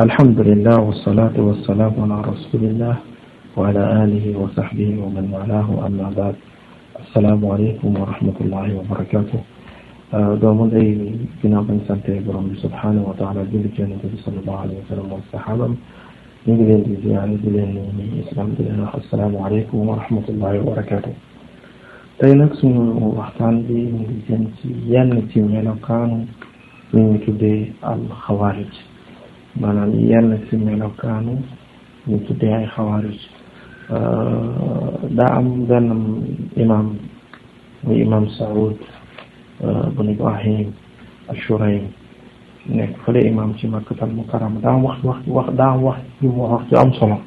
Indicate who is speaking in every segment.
Speaker 1: الحمد لله والصلاة والسلام على رسول الله وعلى آله وصحبه ومن والاه أما بعد السلام عليكم ورحمة الله وبركاته doomu ay ginnaaw bañ santee borom bi subhanahu wa taala julli ci yonente bi salallahu alayhi wa sallam moom saxaabam ñu ngi leen di ziyaare di leen nuyu islam di leen wax asalaamu aleykum wa rahmatullahi wa barakatuh tey nag suñu waxtaan bi mu ngi jëm ci yenn ci melokaanu ñu ñu tuddee al xawaarij maanaam yenn si melokaanu ñu tuddee ay xawaarij daa am benn imam muy imam Saoud bun Ibrahim Ashuraim nekk fële imam ci Makkatal Mukarrama daa am wax wax daa am wax ci am solo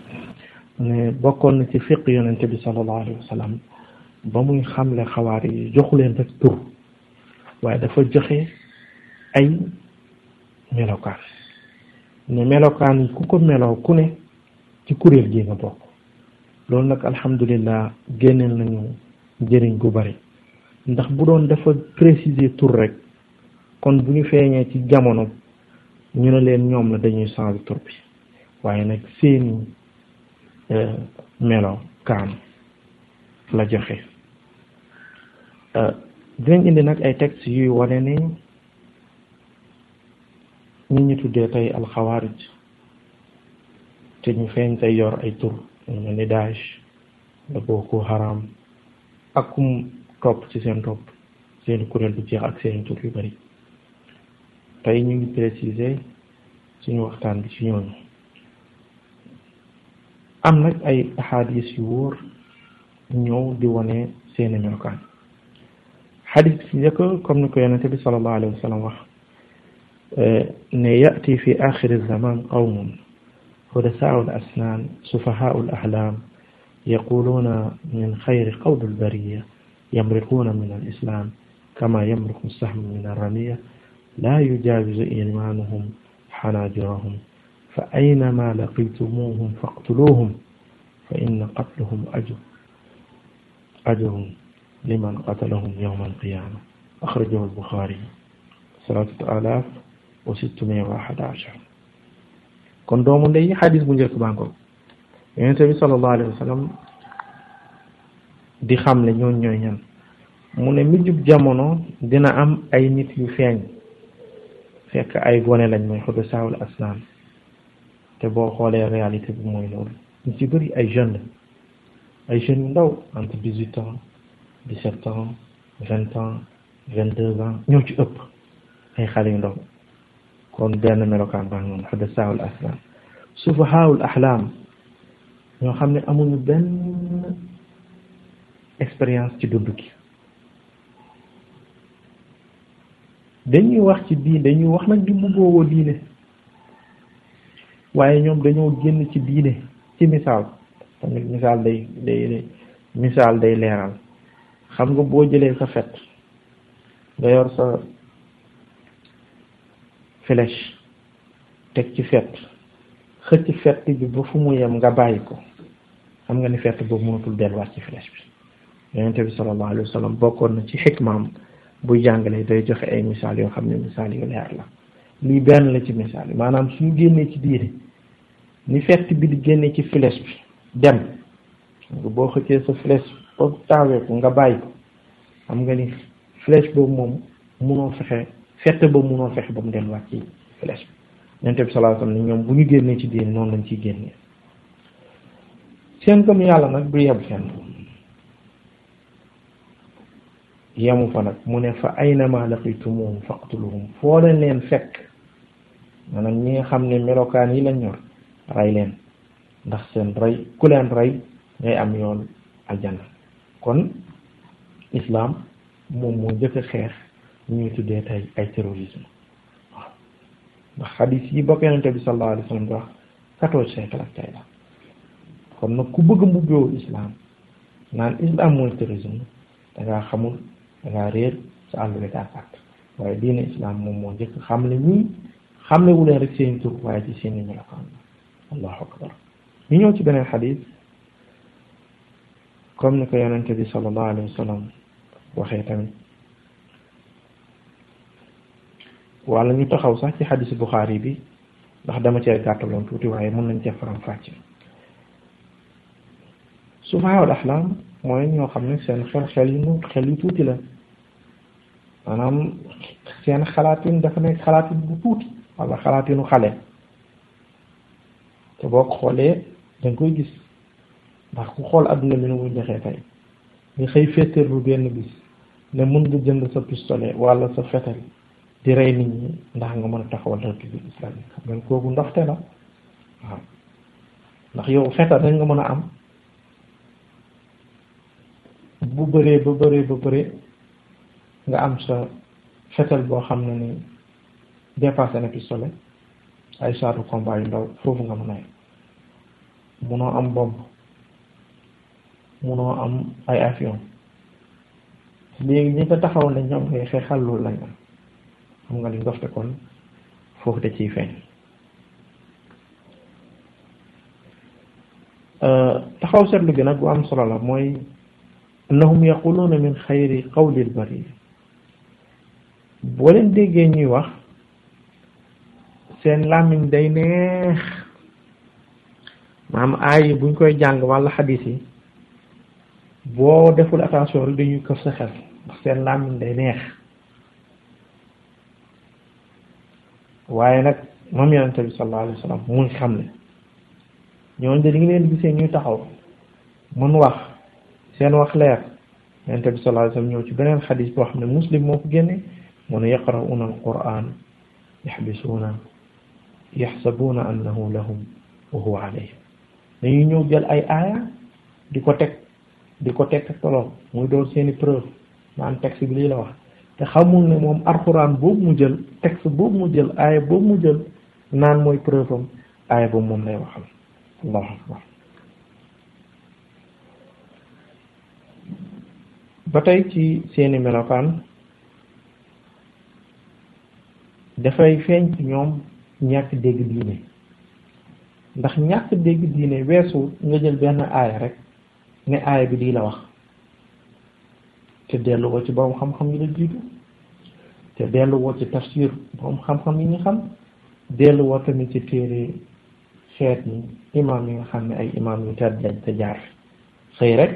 Speaker 1: ne bokkoon na ci fiq yonent bi sallallahu alayhi wa sallam ba muy xamle xawaarij yi joxu leen rek tur waaye dafa joxe ay melokaan ne melokaan yi ku ko meloo ku ne ci kuréel gi nga bokk loolu nag alhamdulillah génneel nañu jëriñ gu bari ndax bu doon dafa préciser tur rek kon bu ñu feeñee ci jamono ñu ne leen ñoom la dañuy changer tur bi waaye nag seeni euh, melo kaan la joxe euh, dinañ indi nag ay textes yuy wane ne ñu ñu tuddee tey alxawaarij te ñu feeñ tey yor ay tur ñu mel ni Daesh la Boko Haram ak topp ci seen topp seen kuréel bu jeex ak seeni tur yu bari tey ñu ngi préciser suñu waxtaan bi ci ñooñu am nag ay ahadis yu wóor ñëw di wone seeni melokaan xadis bi njëkk comme ni ko yonente bi sallallahu alayhi wa wax ne ya'ti fi axiri zaman qawmun hudasaau al-asnaan sufahaau al-ahlaam yaquluuna min xayri qawli al-bariyya yamriquuna min al-islaam kamaa yamriqu as-sahmu min ar-ramiyya laa yujaawizu iymaanuhum xanaajirahum fa aynamaa laqiitumuuhum faqtuluuhum fa inna qatlahum ajrun liman qatalahum yawma al-qiyaama axrajahu al-buxaari salaatu alaaf wa sittumi'a wa ahada ashar kon doomu ndey xadis bu njëkk baa ngoog yonent bi sallallahu alayhi wa sallam di xamle ñooñ ñooy ñan mu ne mujjub jamono dina am ay nit yu feeñ fekk ay gone lañ mooy xudu saawul asnaan te boo xoolee réalité bi mooy loolu ñu ci bëri ay jeunes ay yu ndaw entre dix huit ans dix sept ans vingt ans vingt deux ans ñoo ci ëpp ay xale yu ndaw kon benn melokaan baa ngoon xaddasaawul aslaam sufahaawul ahlaam ñoo xam ne amuñu benn expérience ci dund gi dañuy wax ci diine dañuy wax nag di mbubboo diine waaye ñoom dañoo génn ci diine ci misaal tamit misaal day day misaal day leeral xam nga boo jëlee sa fet nga yor sa flèche teg ci fett xëcc fett bi ba fu mu yem nga bàyyi ko xam nga ni fett boobu mënatul delluwaat ci flèche bi yonente bi sallallahu alayhi wa sallam bokkoon na ci xikmaam buy jàngale day joxe ay misaal yoo xam ne misaal yu leer la lii benn la ci misaal yi maanaam suñu génnee ci diine ni fett bi di génne ci flèche bi dem boo xëccee sa flèche ba taawee ko nga bàyyi ko xam nga ni flèche boobu moom mënoo fexe fett ba munoo fexe ba mu delluwaat ci flèche bi Yonent bi sallallahu alayhi ñoom bu ñu génnee ci diine noonu lañ ciy génnee seen gëm yàlla nag du yem fenn yemu fa nag mu ne fa aynama laqitumuhum faqtuluhum foo leen leen fekk maanaam ñi nga xam ne melokaan yi lañ ñor rey leen ndax seen rey ku leen rey ngay am yoon aljanna kon islaam moom moo jëkk xeex ñu ngi tuddee tey ay terrorisme waaw ndax yi ba ko yonente bi sallallahu alayhi wa sallam di nag ku bëgg mbubboo islam xamul da ngaa bi daa fàtt waaye diine islam moom moo njëkk xam leen rek seen i melokaan allahu akbar ci beneen xadis comme ni ko yonente bi sallallahu alayhi waxee tamit wala ñu taxaw sax ci xadis yi bi ndax dama cee gàttaloon tuuti waaye mën nañ cee faram fàcce sufahaawul axlaam mooy ñoo xam ne seen xel xel yu nu xel yu tuuti la maanaam seen xalaatin dafa nekk xalaatin bu tuuti wala xalaatinu xale te boo ko xoolee dañ koy gis ndax ku xool adduna bi nu mu joxee tey nga xëy féeteer bu benn bis ne mën nga jënd sa pistolet wala sa fetel di rey nit ñi ndax nga mën a taxawal république islamique xam ngeen la waaw yow fetal dañ nga mën a am bu bëree ba bëree ba nga am sa fetal boo xam ne ni dépassé na pistolet ay saatu combat yu ndaw foofu nga mën a yem munoo am bomb munoo am ay avion léegi ñi ko taxaw ne ñoom ngay xeexal loolu lañ am xam nga li ndofte kon foofu da ciy feeñ euh, taxaw seetlu gi nag bu am solo la mooy annahum yaquluuna min xayri qawlil bari boo leen déggee ñuy wax seen làmmiñ day neex maam aay buñ koy jàng walla xadiis yi boo deful attention rek dañuy këf sa xel seen làmmiñ day neex waaye nag moom yonente bi sallallahu alayhi wa sallam mu ngi xam ne ñooñu de di leen gisee ñuy taxaw mën wax seen wax leer yonente bi sallallahu alayhi wa ñëw ci beneen xadis boo xam ne muslim moo ko génne mu ne yaqra'una alquran yaxbisuuna yaxsabuuna annahu lahum wa huwa alayhim dañuy ñëw jël ay aaya di ko teg di ko teg toloon muy doon seeni preuve maanaam texte bi lii la wax te xamul ne moom alxuraan boobu mu jël texte boobu mu jël aaya boobu mu jël naan mooy preuve am aaya boobu moom lay waxal ba tey ci seeni melokaan dafay feeñ ci ñoom ñàkk dégg diine ndax ñàkk dégg diine weesu nga jël benn aaya rek ne aaya bi lii la wax te dellu ci borom xam-xam yi la jiitu te dellu woo ci tafsir borom xam-xam yi ñu xam dellu woo tamit ci téere xeet yi imaam yi nga xam ne ay imaam yu tedd lañ te jaar xëy rek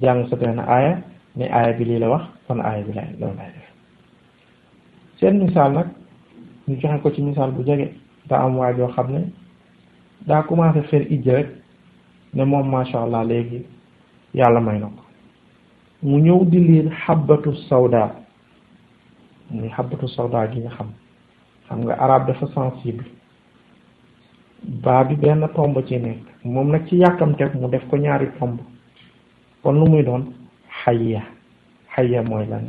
Speaker 1: jàng sa aaya ne aaya bi lii la wax kon aaya bi seen misaal nag ñu joxe ko ci misaal bu jege daa am waajoo xam ne daa commencé fer ijj rek ne moom macha allah léegi yàlla may na ko mu ñëw di leen xabbatu sawda muy xabbatu sawda gi nga xam xam nga arab dafa sensible baa bi benn tomb ci nekk moom nag ci yàkkamte mu def ko ñaari tomb kon lu muy doon xayya xayya mooy lan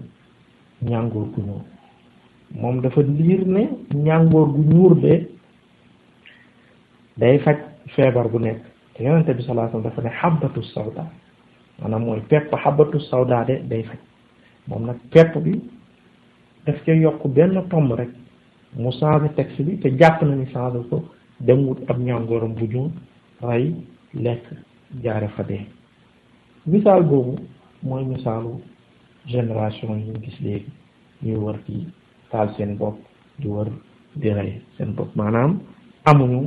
Speaker 1: ñàngoor gu ñuur dafa liir ne ñàngoor gu ñuur de day faj feebar bu nekk te yonente bi sallallahu dafa ne xabbatu sawda maanaam mooy pepp xabatu sawdaade day faj moom nag pepp bi daf ca yokk benn tomb rek mu changé texte bi te jàpp na ni changé ko dem wut ab ñàngooram bu ñu rey lekk jaare fa dee misaal boobu mooy misaalu génération yi ñu gis léegi ñuy war taal seen bopp di war di rey seen bopp maanaam amuñu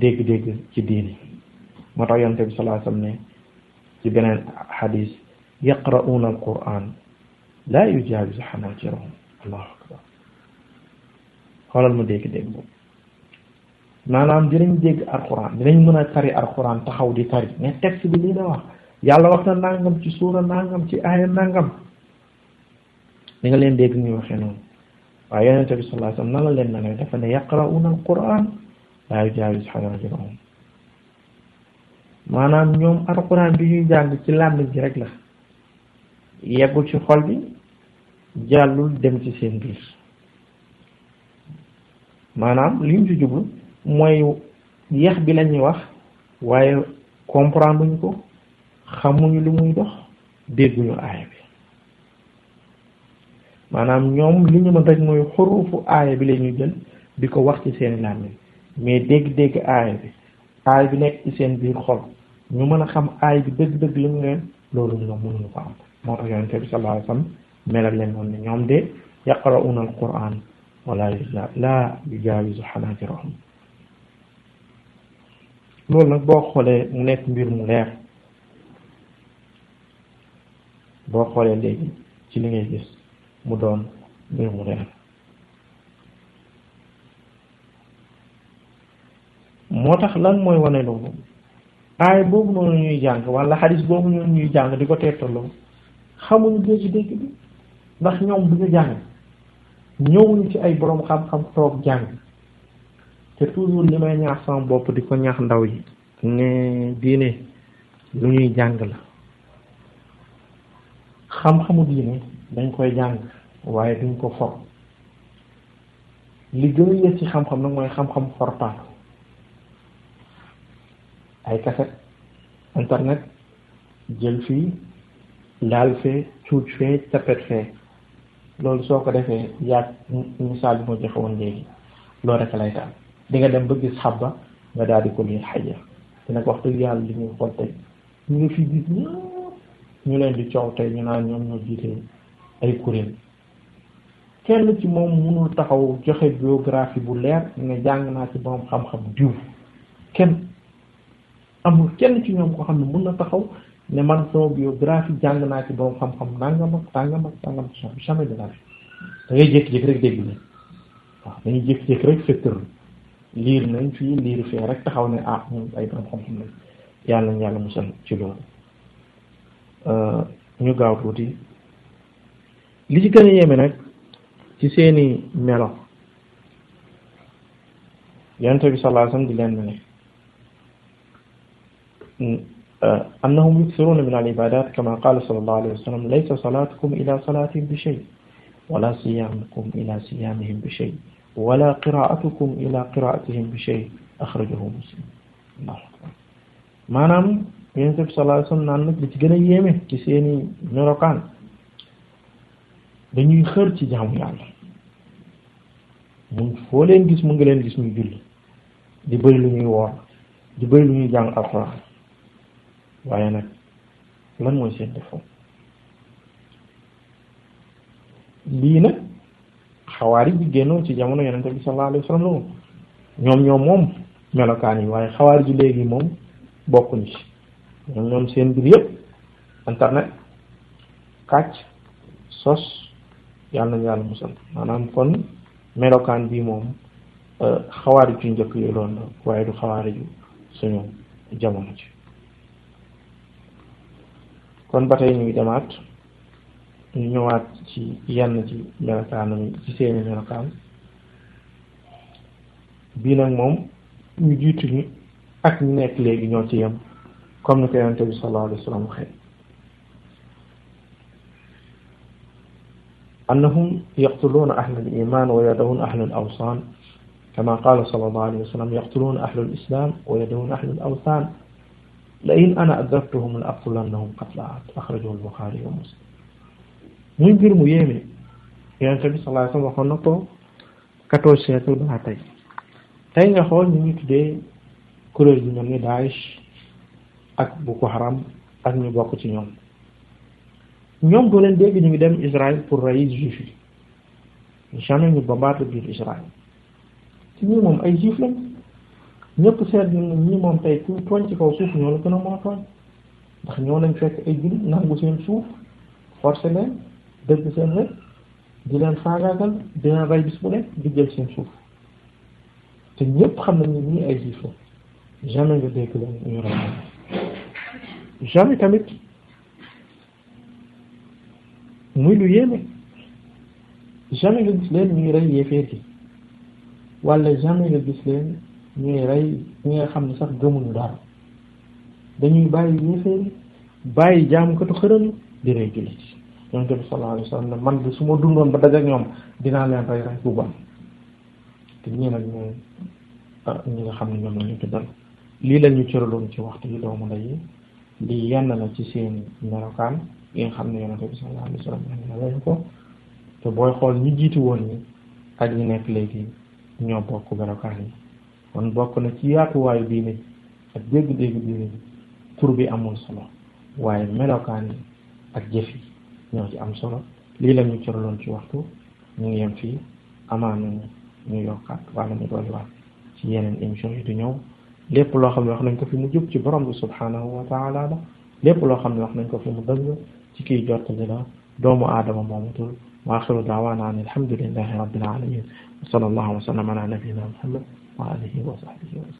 Speaker 1: dégg-dégg ci diini moo tax yonte bi salaa ne ci beneen xadis yaqra'uuna alquran laa yujaawizu xanaajirahum allahu akbar mu ma dégg-dégg boobu maanaam dinañ dégg alquran dinañ mën a tari alquran taxaw di tari mais texte bi wax yàlla wax na nangam ci suura nangam ci aaya nangam ni nga leen dégg ñu waxee noonu waaye yonente bi sallallahu alayhi wa sallam nan la leen na ne dafa ne yaqra'uuna alquran maanaam ñoom alxuraan bi ñuy jàng ci làmmiñ ji rek la yeggul ci xol bi jàllul dem ci seen biir maanaam li ñu ci jublu mooy yeex bi lañuy wax waaye comprendre ñu ko xamuñu lu muy dox dégguñu aaya bi maanaam ñoom li ñu mën rek mooy xurufu aaya bi la ñuy jël di ko wax ci seen làmmiñ mais dégg-dégg aaya bi aay bi nekk ci seen biir xol ñu mën a xam aay bi dëgg-dëgg li mu ne loolu ñoom mënuñu ko am moo tax yonente bi sallallahu alayhi wa melal leen noonu ne ñoom de yaqra'una al-Qur'an wala la yujawizu hanajirahum loolu nag boo xoolee mu nekk mbir mu leer boo xoolee léegi ci li ngay gis mu doon mbir mu leer moo tax lan mooy wane loolu aay boobu noonu ñuy jàng wala xadis boobu ñuy jàng di ko teetaloo xamuñu dégg-dégg bi ndax ñoom bu ñu jàng ñëwuñu ci ay boroom xam-xam toog jàng te toujours li may ñaax sama bopp di ko ñaax ndaw yi ne diine lu ñuy jàng la xam-xamu diine dañ koy jàng waaye duñ ko for li gën a yées ci xam-xam nag mooy xam-xam fortaal ay kaset internet jël fii laal fee cuuj fee tapet fee loolu soo ko defee yaag misaal bi ma joxe woon léegi loolu rek lay taal di dem ba gis xabba nga daal di ko lii xajja te nag wax dëgg yàlla li ñuy xool tey ñu ngi fi gis ñu leen di coow tey ñu naan ñoom ñoo jiitee ay kuréel kenn ci moom munul taxaw joxe biographie bu leer nga jàng naa ci moom xam-xam diw kenn amul kenn ci ñoom ko xam ne mun na taxaw ne man sama biographie jàng naa ci borom xam-xam nangam ak nangam ak nangam jamais de la vie da ngay rek dégg nañ waaw dañuy jékki-jékki rek secteur liir nañ fii liir fee rek taxaw ne ah ñun ay borom xam-xam lañ yàlla yàlla musal ci loolu euh, ñu gaaw tuuti li ci gën a yéeme nag ci seeni melo yonent bi sallallahu alayhi wasallam di leen mel أنهم يكثرون من العبادات كما قال صلى الله عليه وسلم ليس صلاتكم إلى صلاتهم بشيء ولا صيامكم إلى صيامهم بشيء ولا قراءتكم إلى قراءتهم بشيء أخرجه مسلم الله maanaam yonent bi sallallahu alayhi wasallam naan nag li ci gën a yéeme ci seeni melokaan dañuy xër ci jaamu yàlla mu foo leen gis mu ngi leen gis muy julli di bëri lu ñuy woor di bëri lu ñuy jàng alxuraan waaye nag lan mooy seen défaut lii nag xawaari bi génnoon ci jamono yonente bi sallallahu alayhi wa sallam loolu ñoom ñoom moom melokaan yi waaye xawaari ji léegi moom bokkuñu ci ñoom ñoom seen mbir yëpp internet kàcc sos yàlla nañu yàlla musal maanaam kon melokaan bi moom euh, xawaari ju njëkk yooyu loon la waaye du xawaari ju suñu jamono ci kon ba tey ñu ngi demaat ñu ñëwaat ci yenn ci melokaanam ci seeni melokaan bii nag moom ñu jiitu ñi ak ñu nekk léegi ñoo ci yem comme ni ko yonente bi sallallahu alayhi wa sallam waxee annahum yaqtuluuna ahlal iman wa yadawun ahlal awsaan kama qaala sallallahu alayhi wa sallam yaqtuluuna ahlal islam wa yadawun ahlal awsaan la in ana adraktuhum la aqulannahum qad la at axrajahu al-Buxaari wa Muslim muy mbir mu yéeme yonente bi sallallahu alayhi wasallam waxoon na ko quatorze siècle balaa tey tey nga xool ñu ngi tuddee kuréel bi ñoom ni Daesh ak Boko Haram ak ñu bokk ci ñoom ñoom doo leen dégg ñu ngi dem Israël pour rey juif yi jamais ñu bombarde biir Israël ci ñii moom ay juif lañ ñëpp seetlu na ñi moom tey ku tooñ ci kaw suuf ñoo la gën a mën a tooñ ndax ñoo nañ fekk ay jullit nangu seen suuf forcé leen dëgg seen rek di leen faagaagal di leen bis bu nekk di jël seen suuf te ñëpp xam nañ ne ñii ay juif la jamais nga dégg leen ñu rey jamais tamit muy lu jamais nga gis leen ñuy rey ñi nga xam ne sax gëmuñu dara dañuy bàyyi yéeféer bàyyi jaamukatu xëram di rey jullit yonent bi sallallahu man bi su ma dundoon ba daj ñoom dinaa leen rey rey bu te ñii nag ñooy ah, ñi nga xam ne ñoom la ñu tuddal lii la ñu cëraloon ci waxtu yi doomu ndey yi lii yenn la ci seen melokaan yi xam ne yonent bi sallallahu alayhi wa ne lañu ko te booy xool ñi jiitu woon ñi ak ñi nekk léegi ñoo bokk melokaan yi kon bokk na ci yaatuwaayu diine bi ak dégg-dégg diine bi tur solo waaye melokaan yi ak jëf ñoo ci am solo lii la ñu coraloon ci waxtu ñu ngi yem fii amaana ñu yokkaat wala ñu dooli waat ci yeneen émission yi du ñëw lépp loo xam ne wax nañ ko fi mu jub ci borom bi subhanahu wa taala la lépp loo xam ne wax nañ ko fi mu dëgg ci kiy jottali la doomu aadama moomatul wa axiru daawaana an alhamdulillahi rabbil alamin wa sallallahu wa sallam ala nabiyina وآله وصحبه وسلم